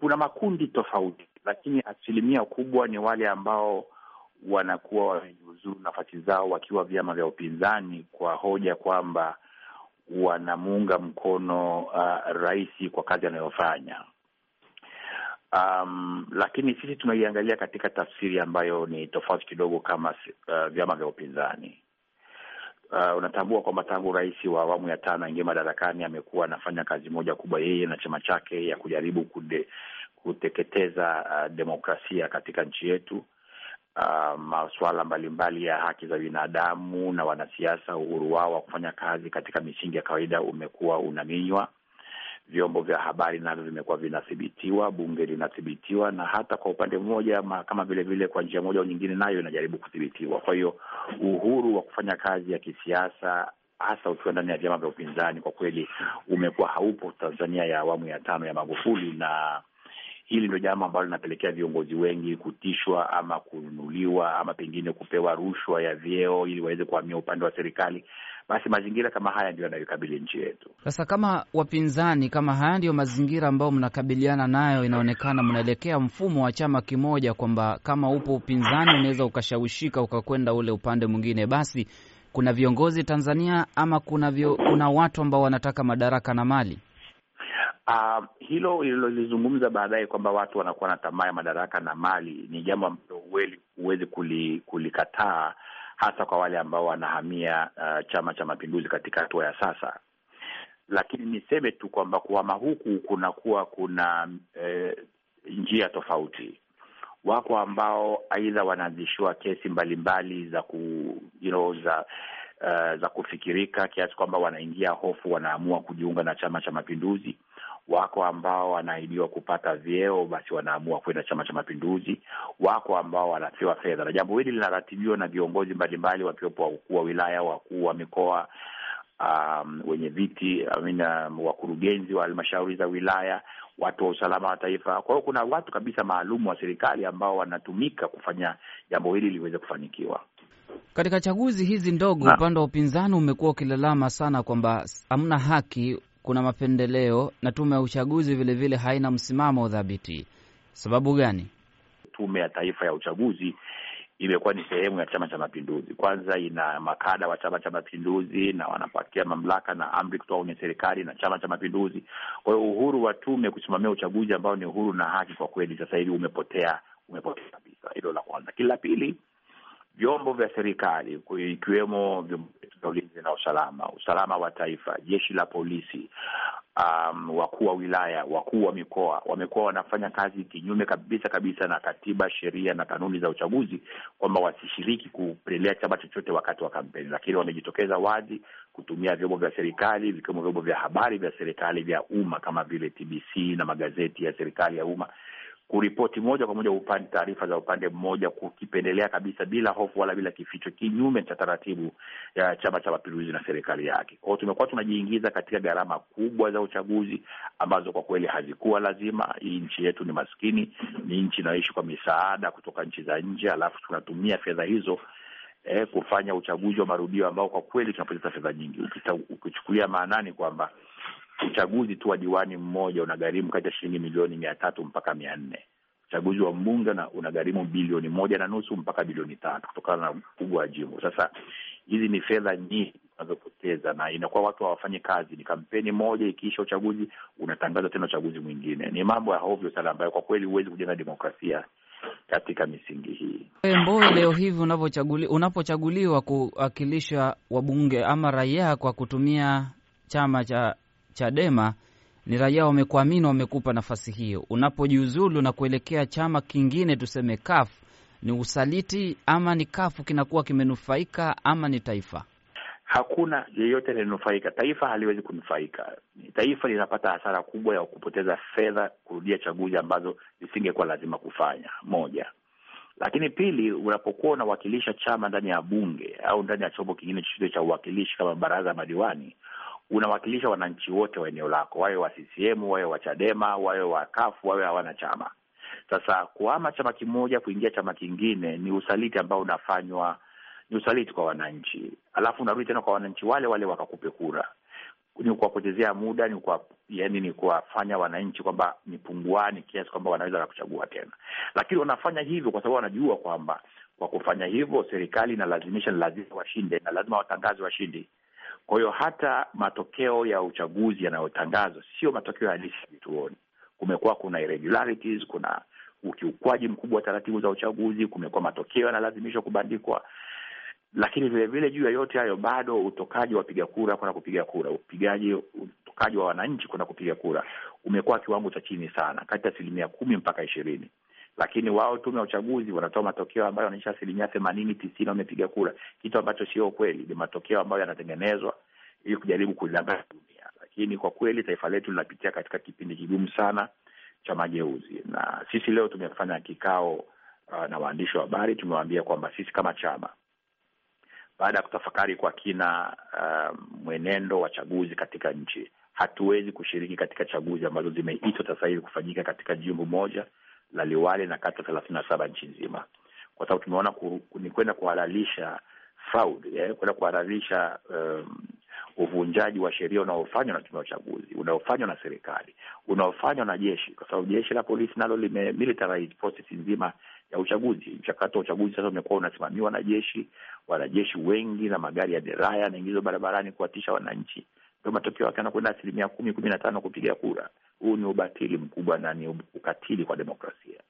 kuna makundi tofauti, lakini asilimia kubwa ni wale ambao wanakuwa wamejiuzuru nafasi zao wakiwa vyama vya upinzani kwa hoja kwamba wanamuunga mkono uh, rais kwa kazi anayofanya. Um, lakini sisi tunaiangalia katika tafsiri ambayo ni tofauti kidogo kama uh, vyama vya upinzani. Uh, unatambua kwamba tangu rais wa awamu ya tano aingia madarakani amekuwa anafanya kazi moja kubwa yeye na chama chake ya kujaribu kude, kuteketeza uh, demokrasia katika nchi yetu. Uh, masuala mbalimbali ya haki za binadamu na wanasiasa, uhuru wao wa kufanya kazi katika misingi ya kawaida umekuwa unaminywa vyombo vya habari navyo vimekuwa vinathibitiwa, bunge linathibitiwa, na hata kwa upande mmoja mahakama vile vile kwa njia moja au nyingine nayo inajaribu kuthibitiwa Kwa hiyo uhuru wa kufanya kazi ya kisiasa hasa ukiwa ndani ya vyama vya upinzani kwa kweli umekuwa haupo Tanzania ya awamu ya tano ya Magufuli, na hili ndio jambo ambalo linapelekea viongozi wengi kutishwa ama kununuliwa ama pengine kupewa rushwa ya vyeo ili waweze kuhamia upande wa serikali basi mazingira kama haya ndio yanayokabili nchi yetu sasa. Kama wapinzani, kama haya ndiyo mazingira ambayo mnakabiliana nayo, inaonekana mnaelekea mfumo wa chama kimoja, kwamba kama upo upinzani unaweza ukashawishika ukakwenda ule upande mwingine. Basi kuna viongozi Tanzania ama kuna vio, kuna watu ambao wanataka madaraka na mali Uh, hilo ililolizungumza baadaye kwamba watu wanakuwa na tamaa ya madaraka na mali ni jambo ambalo huwezi kulikataa, hasa kwa wale ambao wanahamia uh, Chama cha Mapinduzi katika hatua ya sasa. Lakini niseme tu kwamba kuhama huku kunakuwa kuna, kuna eh, njia tofauti. Wako ambao aidha wanaanzishiwa kesi mbalimbali mbali za ku, you know, za uh, za kufikirika kiasi kwamba wanaingia hofu, wanaamua kujiunga na Chama cha Mapinduzi Wako ambao wanaahidiwa kupata vyeo, basi wanaamua kwenda Chama cha Mapinduzi. Wako ambao wanapewa fedha, na jambo hili linaratibiwa na viongozi mbalimbali, wakiwepo wakuu wa wilaya, wakuu wa mikoa, um, wenye viti amina, um, wakurugenzi wa halmashauri za wilaya, watu wa usalama wa taifa. Kwa hiyo kuna watu kabisa maalum wa serikali ambao wanatumika kufanya jambo hili liweze kufanikiwa. Katika chaguzi hizi ndogo, upande wa upinzani umekuwa ukilalama sana kwamba hamna haki kuna mapendeleo na tume ya uchaguzi vilevile haina msimamo dhabiti. Sababu gani? Tume ya Taifa ya Uchaguzi imekuwa ni sehemu ya Chama cha Mapinduzi. Kwanza ina makada wa Chama cha Mapinduzi na wanapatia mamlaka na amri kutoka kwenye serikali na Chama cha Mapinduzi. Kwa hiyo uhuru wa tume kusimamia uchaguzi ambao ni uhuru na haki, kwa kweli sasa hivi umepotea, umepotea kabisa. Hilo la kwanza. Kila pili, vyombo vya serikali ikiwemo vyombo ulinzi na usalama, usalama wa taifa, jeshi la polisi, um, wakuu wa wilaya, wakuu wa mikoa wamekuwa wanafanya kazi kinyume kabisa kabisa na katiba, sheria na kanuni za uchaguzi, kwamba wasishiriki kupendelea chama chochote wakati wa kampeni, lakini wamejitokeza wazi kutumia vyombo vya serikali vikiwemo vyombo vya habari vya serikali vya umma kama vile TBC na magazeti ya serikali ya umma kuripoti moja kwa moja upande taarifa za upande mmoja, kukipendelea kabisa bila hofu wala bila kificho, kinyume cha taratibu ya Chama cha Mapinduzi na serikali yake. Kwao tumekuwa tunajiingiza katika gharama kubwa za uchaguzi ambazo kwa kweli hazikuwa lazima. Hii nchi yetu ni maskini, ni nchi inayoishi kwa misaada kutoka nchi za nje, alafu tunatumia fedha hizo eh, kufanya uchaguzi wa marudio ambao kwa kweli tunapoteza fedha nyingi, ukichukulia maanani kwamba uchaguzi tu wa diwani mmoja unagharimu kati ya shilingi milioni mia tatu mpaka mia nne uchaguzi wa mbunge na unagharimu bilioni moja na nusu mpaka bilioni tatu kutokana na ukubwa wa jimbo. Sasa hizi ni fedha nyingi unazopoteza na inakuwa watu hawafanyi kazi. Ni kampeni moja, ikiisha uchaguzi unatangaza tena uchaguzi mwingine. Ni mambo ya hovyo sana, ambayo kwa kweli huwezi kujenga demokrasia katika misingi hii. mboe leo hivi unapochaguliwa kuwakilisha wabunge ama raia kwa kutumia chama cha Chadema ni raia wamekuamini, wamekupa nafasi hiyo. Unapojiuzulu na kuelekea chama kingine, tuseme kafu, ni usaliti ama ni kafu kinakuwa kimenufaika ama ni taifa? Hakuna yeyote linanufaika, Taifa haliwezi kunufaika. Taifa linapata hasara kubwa ya kupoteza fedha kurudia chaguzi ambazo zisingekuwa lazima kufanya, moja. Lakini pili, unapokuwa unawakilisha chama ndani ya bunge au ndani ya chombo kingine chochote cha uwakilishi kama baraza madiwani, unawakilisha wananchi wote wa eneo lako, wawe wa CCM, wawe wa Chadema, wawe wa kafu, wawe hawana chama. Sasa kuhama chama kimoja kuingia chama kingine ni usaliti ambao unafanywa, ni usaliti kwa wananchi, alafu unarudi tena kwa wananchi wale wale wakakupe kura. Ni kuwapotezea muda, ni kwa, yani ni kuwafanya wananchi kwamba ni punguani kiasi kwamba wanaweza wakakuchagua tena, lakini wanafanya hivyo kwa sababu wanajua kwamba kwa kufanya hivyo serikali inalazimisha, ni lazima washinde na lazima watangaze washindi. Kwa hiyo hata matokeo ya uchaguzi yanayotangazwa sio matokeo halisi ya vituoni. Kumekuwa kuna irregularities, kuna ukiukwaji mkubwa wa taratibu za uchaguzi, kumekuwa matokeo yanalazimishwa kubandikwa. Lakini vilevile juu ya yote hayo, bado utokaji wa wapiga kura kwenda kupiga kura, upigaji utokaji wa wananchi kwenda kupiga kura umekuwa kiwango cha chini sana, kati ya asilimia kumi mpaka ishirini lakini wao tume ya uchaguzi wanatoa matokeo ambayo wanaonyesha asilimia themanini tisini wamepiga kura, kitu ambacho sio ukweli. Ni matokeo ambayo yanatengenezwa ili kujaribu kuidanganya dunia, lakini kwa kweli taifa letu linapitia katika kipindi kigumu sana cha mageuzi, na sisi leo tumefanya kikao uh, na waandishi wa habari. Tumewaambia kwamba sisi kama chama baada ya kutafakari kwa kina uh, mwenendo wa chaguzi katika nchi, hatuwezi kushiriki katika chaguzi ambazo zimeitwa sasa hivi kufanyika katika jimbo moja la Liwale na kata thelathini na saba nchi nzima, kwa sababu tumeona ku, ni kwenda kuhalalisha fraud, eh, kwenda kuhalalisha um, uvunjaji wa sheria unaofanywa na tume ya uchaguzi, unaofanywa na serikali, unaofanywa na jeshi, kwa sababu jeshi la polisi nalo lime militarize process nzima ya uchaguzi. Mchakato wa uchaguzi sasa umekuwa unasimamiwa na jeshi, wanajeshi wengi na magari ya deraya yanaingizwa barabarani kuwatisha wananchi, ndio matokeo yake anakwenda asilimia kumi, kumi na tano kupiga kura. Huu ni ubatili mkubwa na ni ukatili kwa demokrasia.